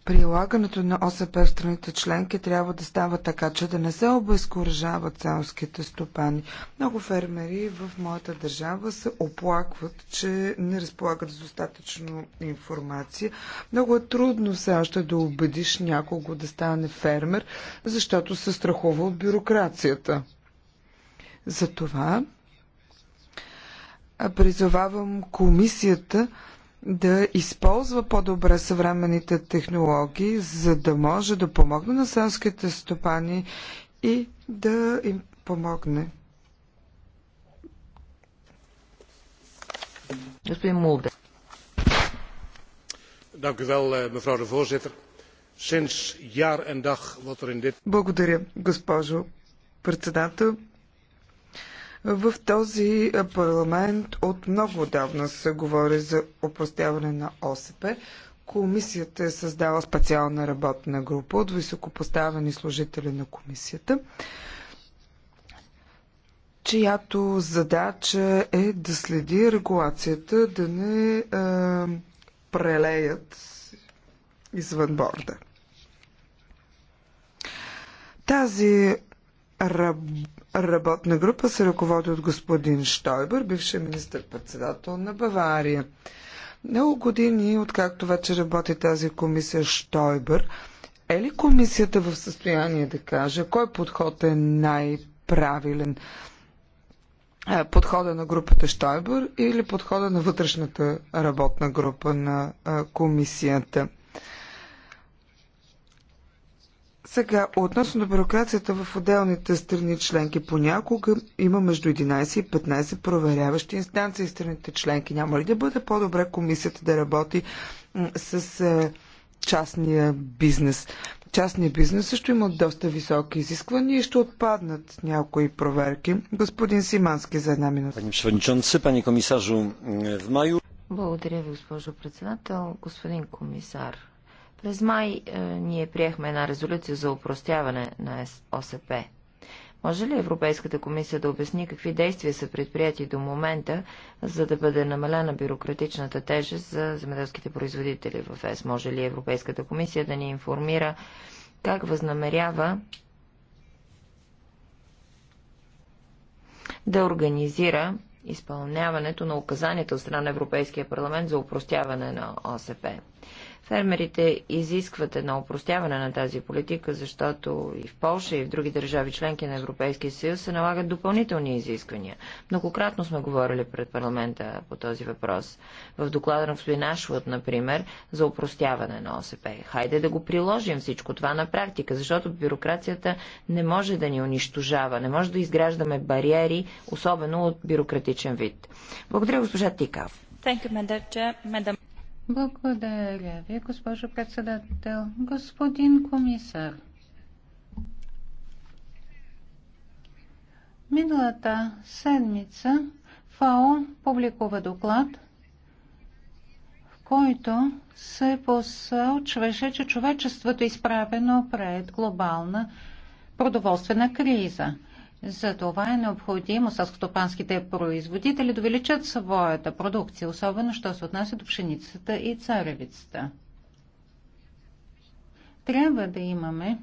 прилагането на ОСП в страните членки трябва да става така, че да не се обезкуражават селските стопани. Много фермери в моята държава се оплакват, че не разполагат с достатъчно информация. Много е трудно все още да убедиш някого да стане фермер, защото се страхува от бюрокрацията. Затова призовавам комисията да използва по-добре съвременните технологии, за да може да помогне на селските стопани и да им помогне. Господин Мулде. Dank u wel, eh, mevrouw de voorzitter. Sinds jaar en dag wordt er in dit... Благодаря, госпожо председател. В този парламент от много отдавна се говори за опростяване на ОСП. Комисията е създала специална работна група от високопоставени служители на комисията, чиято задача е да следи регулацията, да не е, прелеят извън борда. Тази работна група се ръководи от господин Штойбър, бившия министр-председател на Бавария. Много години, откакто вече работи тази комисия Штойбър, е ли комисията в състояние да каже кой подход е най-правилен? Е, подхода на групата Штойбър или подхода на вътрешната работна група на е, комисията? Сега, относно бюрокрацията в отделните страни членки, понякога има между 11 и 15 проверяващи инстанции страните членки. Няма ли да бъде по-добре комисията да работи с частния бизнес? Частния бизнес също има доста високи изисквания и ще отпаднат някои проверки. Господин Симански за една минута. Пани Шванчонце, пани комисажу, в маю... Благодаря ви, госпожо председател. Господин комисар, през май е, ние приехме една резолюция за упростяване на ОСП. Може ли Европейската комисия да обясни какви действия са предприяти до момента, за да бъде намалена бюрократичната тежест за земеделските производители в ЕС? Може ли Европейската комисия да ни информира как възнамерява да организира изпълняването на указанията от страна на Европейския парламент за упростяване на ОСП? Фермерите изискват едно упростяване на тази политика, защото и в Польша, и в други държави членки на Европейския съюз се налагат допълнителни изисквания. Многократно сме говорили пред парламента по този въпрос. В доклада на господин Ашват, например, за упростяване на ОСП. Хайде да го приложим всичко това на практика, защото бюрокрацията не може да ни унищожава, не може да изграждаме бариери, особено от бюрократичен вид. Благодаря, госпожа Тикав. Thank you, madam. Благодаря ви, госпожо председател. Господин комисар, миналата седмица ФАО публикува доклад, в който се посълчваше, че човечеството е изправено пред глобална продоволствена криза – за това е необходимо селскостопанските производители да увеличат своята продукция, особено що се отнася до пшеницата и царевицата. Трябва да имаме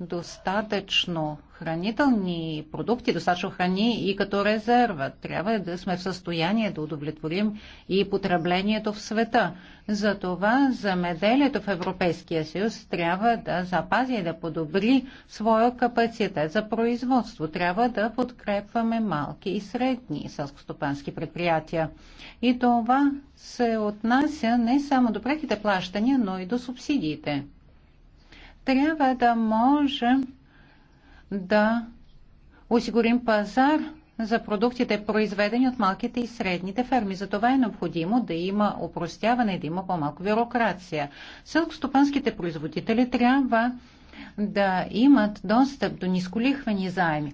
достатъчно хранителни продукти, достатъчно храни и като резерва. Трябва да сме в състояние да удовлетворим и потреблението в света. Затова замеделието в Европейския съюз трябва да запази и да подобри своя капацитет за производство. Трябва да подкрепваме малки и средни селскостопански предприятия. И това се отнася не само до преките плащания, но и до субсидиите трябва да можем да осигурим пазар за продуктите, произведени от малките и средните ферми. За това е необходимо да има и да има по-малко бюрокрация. Сълкостопанските производители трябва да имат достъп до нисколихвени заеми.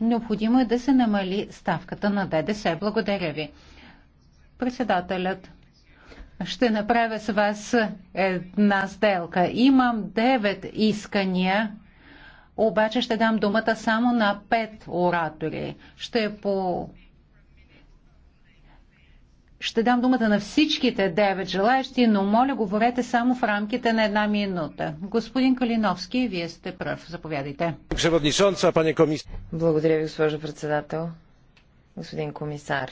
Необходимо е да се намали ставката на ДДС. Благодаря ви. Председателят ще направя с вас една сделка. Имам девет искания, обаче ще дам думата само на пет оратори. Ще по... Ще дам думата на всичките девет желаящи, но моля, говорете само в рамките на една минута. Господин Калиновски, вие сте прав. Заповядайте. Благодаря ви, госпожо председател. Господин комисар,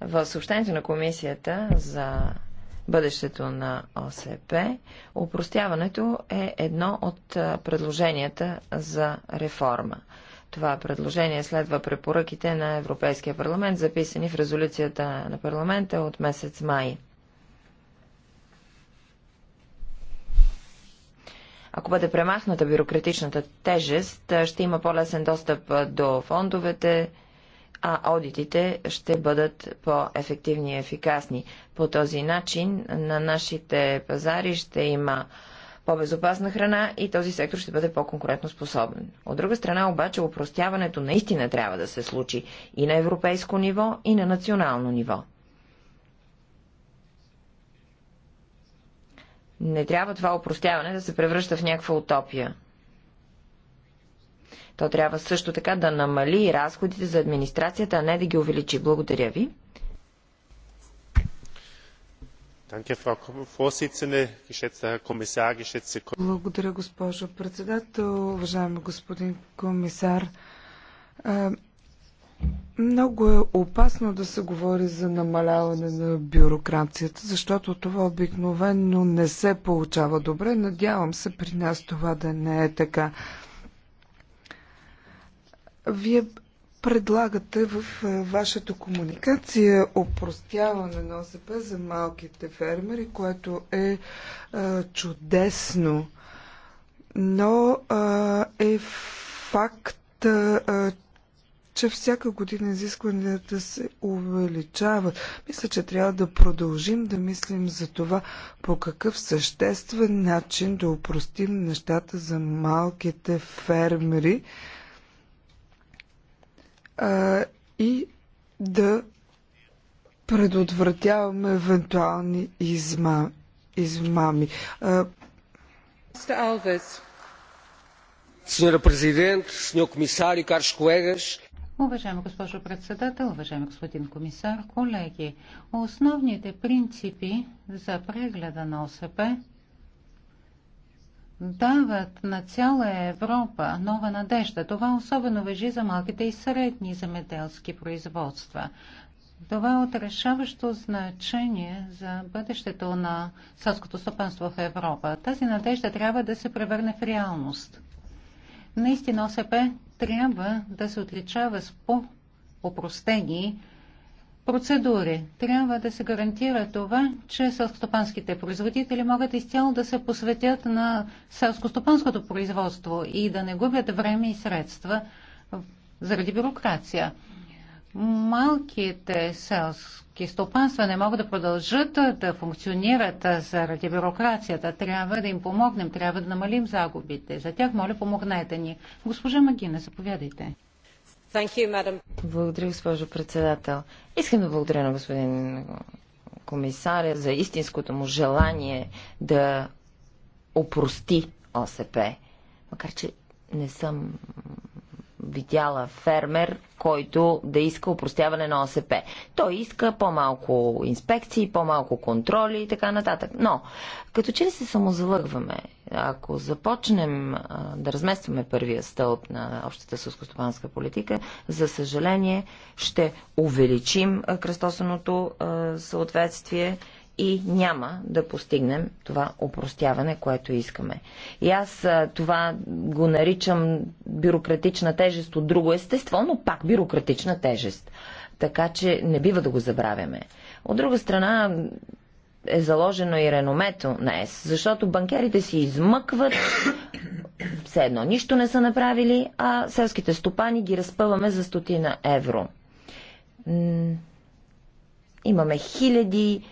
в съобщението на комисията за бъдещето на ОСП. Опростяването е едно от предложенията за реформа. Това предложение следва препоръките на Европейския парламент, записани в резолюцията на парламента от месец май. Ако бъде премахната бюрократичната тежест, ще има по-лесен достъп до фондовете, а одитите ще бъдат по-ефективни и ефикасни. По този начин на нашите пазари ще има по-безопасна храна и този сектор ще бъде по-конкурентно способен. От друга страна обаче упростяването наистина трябва да се случи и на европейско ниво, и на национално ниво. Не трябва това упростяване да се превръща в някаква утопия. То трябва също така да намали разходите за администрацията, а не да ги увеличи. Благодаря ви. Благодаря, госпожо председател, уважаеми господин комисар. Много е опасно да се говори за намаляване на бюрокрацията, защото това обикновено не се получава добре. Надявам се при нас това да не е така. Вие предлагате в вашата комуникация опростяване на ОСП за малките фермери, което е а, чудесно, но а, е факт, а, че всяка година изискванията се увеличават. Мисля, че трябва да продължим да мислим за това по какъв съществен начин да упростим нещата за малките фермери а, и да предотвратяваме евентуални изма, измами. Сеньор президент, сеньор комисар и карш колегаш. Уважаема госпожо председател, уважаеми господин комисар, колеги, основните принципи за прегледа на ОСП дават на цяла Европа нова надежда. Това особено въжи за малките и средни земеделски производства. Това е от решаващо значение за бъдещето на селското стопанство в Европа. Тази надежда трябва да се превърне в реалност. Наистина ОСП трябва да се отличава с по-опростени процедури. Трябва да се гарантира това, че селскостопанските производители могат изцяло да се посветят на селскостопанското производство и да не губят време и средства заради бюрокрация. Малките селски стопанства не могат да продължат да функционират заради бюрокрацията. Трябва да им помогнем, трябва да намалим загубите. За тях, моля, помогнете ни. Госпожа Магина, заповядайте благодаря, госпожо председател. Искам да благодаря на господин комисаря за истинското му желание да опрости ОСП. Макар, че не съм видяла фермер, който да иска упростяване на ОСП. Той иска по-малко инспекции, по-малко контроли и така нататък. Но, като че ли се самозалъгваме, ако започнем а, да разместваме първия стълб на общата сълскостопанска политика, за съжаление ще увеличим кръстосаното съответствие и няма да постигнем това опростяване, което искаме. И аз това го наричам бюрократична тежест от друго естество, но пак бюрократична тежест. Така че не бива да го забравяме. От друга страна, е заложено и реномето на ЕС, защото банкерите си измъкват, все едно нищо не са направили, а селските стопани ги разпъваме за стотина евро. Имаме хиляди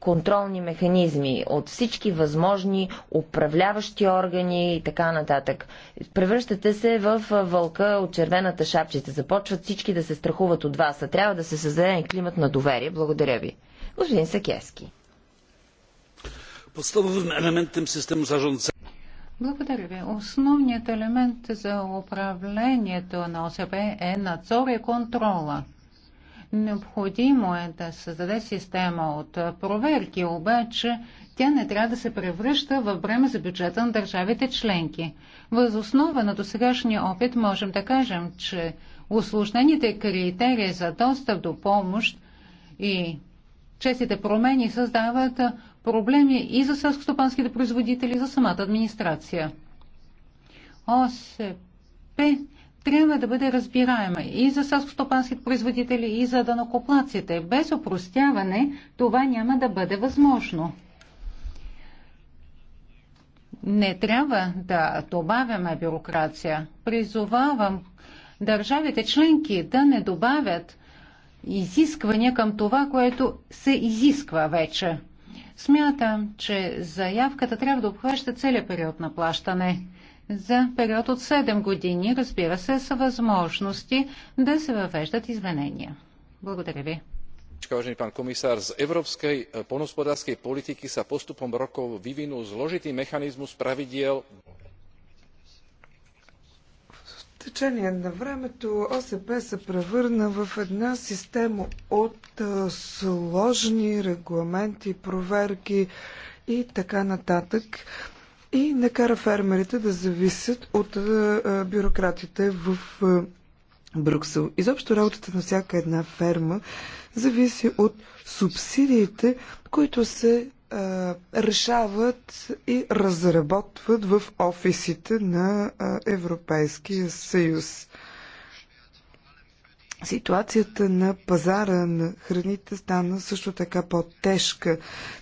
контролни механизми от всички възможни управляващи органи и така нататък. Превръщате се в вълка от червената шапчета. Започват всички да се страхуват от вас, а трябва да се създаде климат на доверие. Благодаря ви. Господин Сакески. Подставовим елементом система зажонца. Благодаря ви. Основният елемент за управлението на ОСП е надзор и контрола. Необходимо е да създаде система от проверки, обаче тя не трябва да се превръща в бреме за бюджета на държавите членки. Въз основа на досегашния опит можем да кажем, че усложнените критерии за достъп до помощ и честите промени създават проблеми и за селскостопанските производители, и за самата администрация. ОСП трябва да бъде разбираема и за селскостопанските производители, и за данокоплаците. Без опростяване това няма да бъде възможно. Не трябва да добавяме бюрокрация. Призовавам държавите членки да не добавят изисквания към това, което се изисква вече. Смятам, че заявката трябва да обхваща целият период на плащане за период от 7 години, разбира се, са възможности да се въвеждат изменения. Благодаря ви. Vážený pán komisár, z európskej poľnohospodárskej politiky sa postupom rokov vyvinul zložitý mechanizmus pravidiel. В течение на времето ОСП се превърна в една система от е, сложни регламенти, проверки и така нататък и накара фермерите да зависят от е, е, бюрократите в е, Брюксел. Изобщо работата на всяка една ферма зависи от субсидиите, които се решават и разработват в офисите на Европейския съюз. Ситуацията на пазара на храните стана също така по-тежка,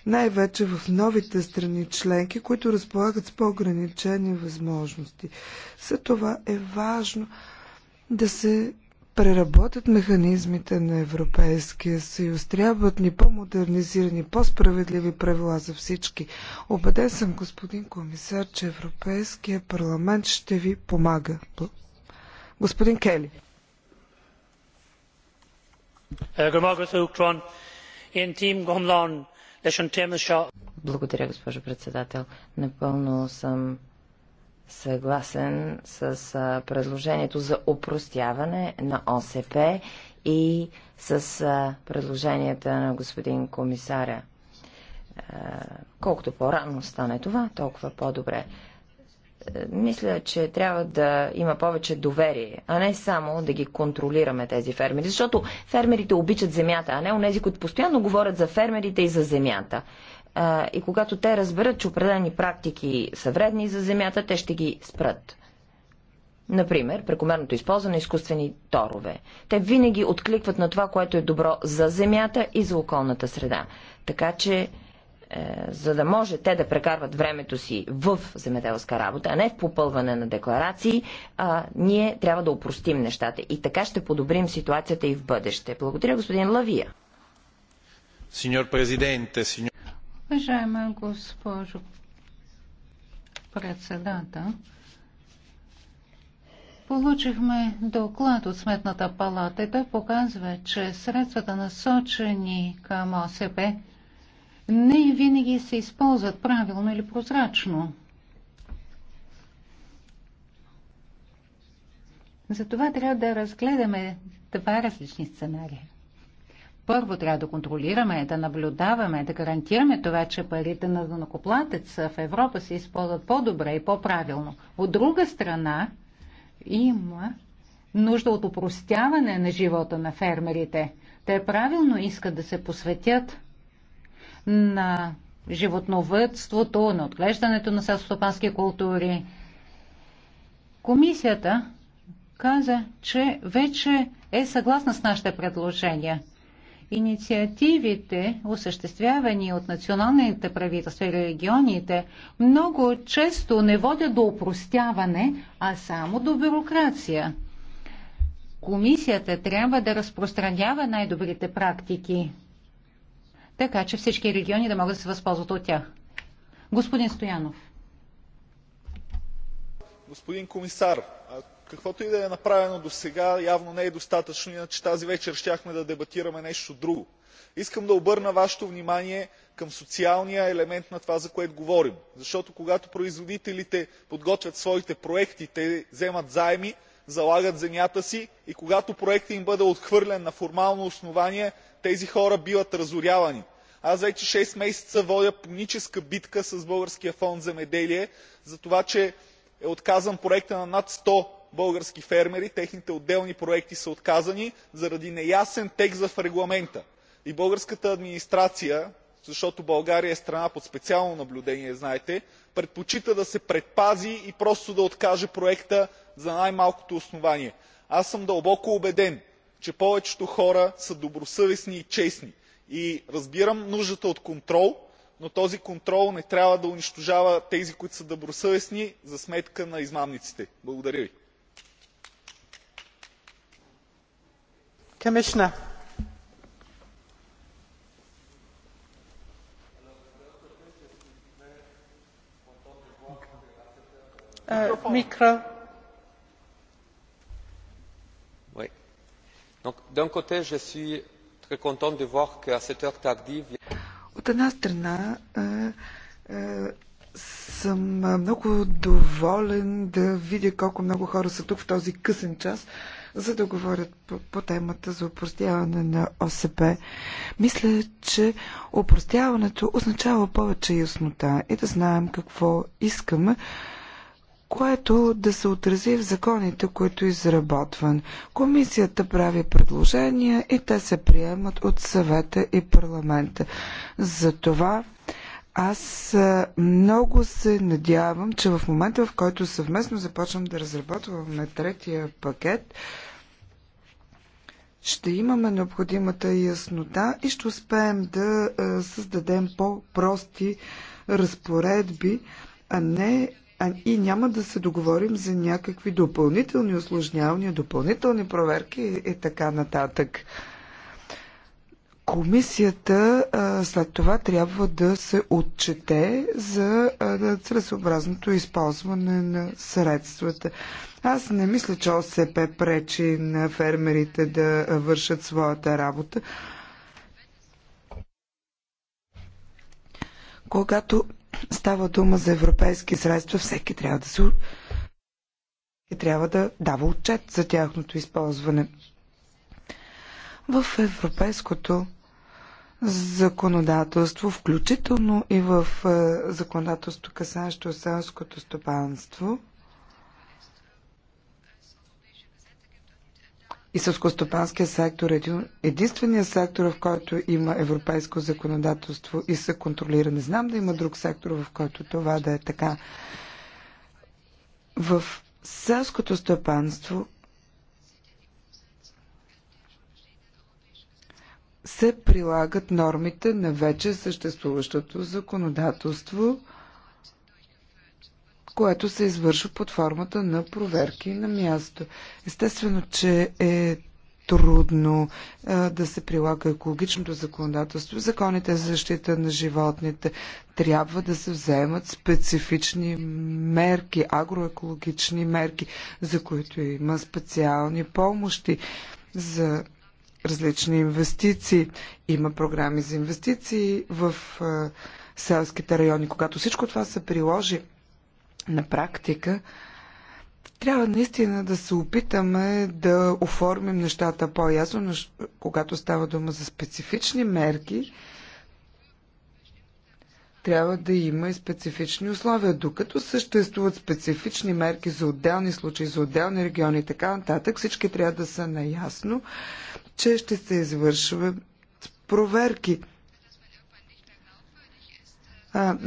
най-вече в новите страни членки, които разполагат с по-ограничени възможности. За това е важно да се преработят механизмите на Европейския съюз. Трябват ни по-модернизирани, по-справедливи правила за всички. Обеден съм, господин комисар, че Европейския парламент ще ви помага. Господин Кели. Благодаря, госпожо председател. Напълно съм съгласен с предложението за упростяване на ОСП и с предложенията на господин комисаря. Колкото по-рано стане това, толкова по-добре мисля, че трябва да има повече доверие, а не само да ги контролираме тези фермери. Защото фермерите обичат земята, а не онези, които постоянно говорят за фермерите и за земята. И когато те разберат, че определени практики са вредни за земята, те ще ги спрат. Например, прекомерното използване на изкуствени торове. Те винаги откликват на това, което е добро за земята и за околната среда. Така че е, за да може те да прекарват времето си в земеделска работа, а не в попълване на декларации, а, ние трябва да упростим нещата. И така ще подобрим ситуацията и в бъдеще. Благодаря, господин Лавия. Сеньор президенте, сеньор... Уважаема госпожо председател, Получихме доклад от Сметната палата и той показва, че средствата насочени към ОСП не винаги се използват правилно или прозрачно. Затова трябва да разгледаме два различни сценария. Първо трябва да контролираме, да наблюдаваме, да гарантираме това, че парите на данокоплатеца в Европа се използват по-добре и по-правилно. От друга страна, има нужда от упростяване на живота на фермерите. Те правилно искат да се посветят на животновътството, на отглеждането на селскостопански култури. Комисията каза, че вече е съгласна с нашите предложения. Инициативите, осъществявани от националните правителства и регионите, много често не водят до упростяване, а само до бюрокрация. Комисията трябва да разпространява най-добрите практики така че всички региони да могат да се възползват от тях. Господин Стоянов. Господин комисар, каквото и да е направено до сега, явно не е достатъчно, иначе тази вечер щяхме да дебатираме нещо друго. Искам да обърна вашето внимание към социалния елемент на това, за което говорим. Защото когато производителите подготвят своите проекти, те вземат заеми, залагат земята си и когато проектът им бъде отхвърлен на формално основание, тези хора биват разорявани. аз вече шест месеца водя паническа битка с българския фонд „Земеделие“ за това че е отказан проектът на над сто български фермери техните отделни проекти са отказани заради неясен текст в регламента. и българската администрация защото българия е страна под специално наблюдение знаете предпочита да се предпази и просто да откаже проекта за най малкото основание. аз съм дълбоко убеден че повечето хора са добросъвестни и честни и разбирам нуждата от контрол но този контрол не трябва да унищожава тези които са добросъвестни за сметка на измамниците. благодаря ви. D'un côté, je suis très content de voir qu'à cette heure tardive... От една страна, е, е, съм много доволен да видя колко много хора са тук в този късен час, за да говорят по, по темата за упростяване на ОСП. Мисля, че упростяването означава повече яснота и да знаем какво искаме, което да се отрази в законите, които е изработван. Комисията прави предложения и те се приемат от съвета и парламента. Затова аз много се надявам, че в момента, в който съвместно започвам да разработваме третия пакет, ще имаме необходимата яснота и ще успеем да създадем по-прости разпоредби, а не а и няма да се договорим за някакви допълнителни осложнявания, допълнителни проверки и така нататък. Комисията а, след това трябва да се отчете за да целесообразното използване на средствата. Аз не мисля, че ОСП пречи на фермерите да вършат своята работа. Когато Става дума за европейски средства, всеки трябва да се и трябва да дава отчет за тяхното използване. В европейското законодателство, включително и в е, законодателство, касащо селското стопанство, и сълскостопанския сектор е единствения сектор, в който има европейско законодателство и се контролира. Не знам да има друг сектор, в който това да е така. В селското стопанство се прилагат нормите на вече съществуващото законодателство – което се извършва под формата на проверки на място. Естествено, че е трудно а, да се прилага екологичното законодателство. Законите за защита на животните трябва да се вземат специфични мерки, агроекологични мерки, за които има специални помощи за различни инвестиции. Има програми за инвестиции в а, селските райони. Когато всичко това се приложи, на практика трябва наистина да се опитаме да оформим нещата по-ясно, но когато става дума за специфични мерки, трябва да има и специфични условия. Докато съществуват специфични мерки за отделни случаи, за отделни региони и така нататък, всички трябва да са наясно, че ще се извършват проверки. А,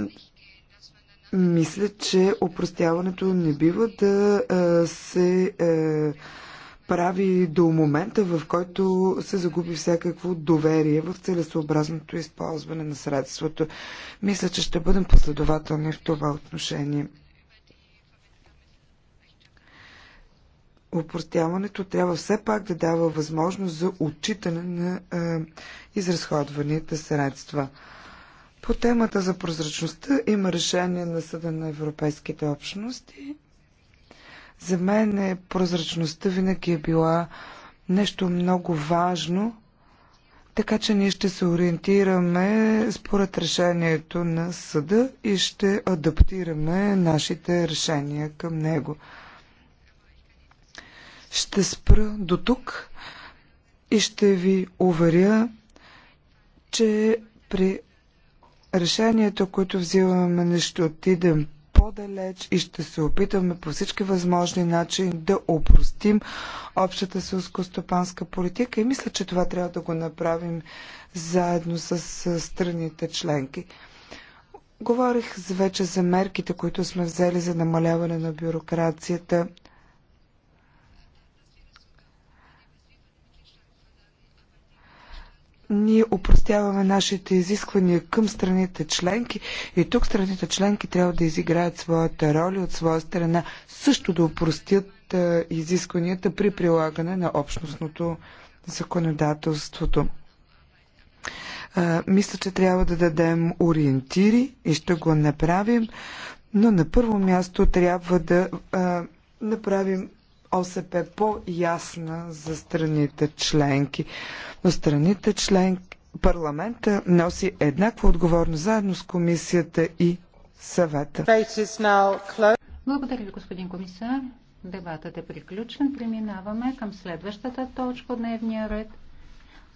мисля, че опростяването не бива да се прави до момента, в който се загуби всякакво доверие в целесообразното използване на средството. Мисля, че ще бъдем последователни в това отношение. Опростяването трябва все пак да дава възможност за отчитане на а, изразходваните средства. По темата за прозрачността има решение на Съда на Европейските общности. За мен е, прозрачността винаги е била нещо много важно, така че ние ще се ориентираме според решението на съда и ще адаптираме нашите решения към него. Ще спра до тук и ще ви уверя, че при решението, което взимаме, не ще отидем по-далеч и ще се опитаме по всички възможни начини да опростим общата селско-стопанска политика и мисля, че това трябва да го направим заедно с страните членки. Говорих вече за мерките, които сме взели за намаляване на бюрокрацията. ние упростяваме нашите изисквания към страните членки и тук страните членки трябва да изиграят своята роля от своя страна, също да упростят изискванията при прилагане на общностното законодателството. Мисля, че трябва да дадем ориентири и ще го направим, но на първо място трябва да направим ОСП по-ясна за страните членки. Но страните членки, парламента носи еднаква отговорност заедно с комисията и съвета. Благодаря ви, господин комисар. Дебатът е приключен. Преминаваме към следващата точка от дневния ред.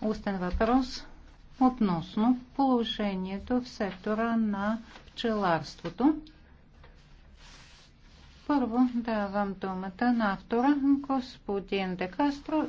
Устен въпрос относно положението в сектора на пчеларството. Първо давам думата на автора, господин Декастро.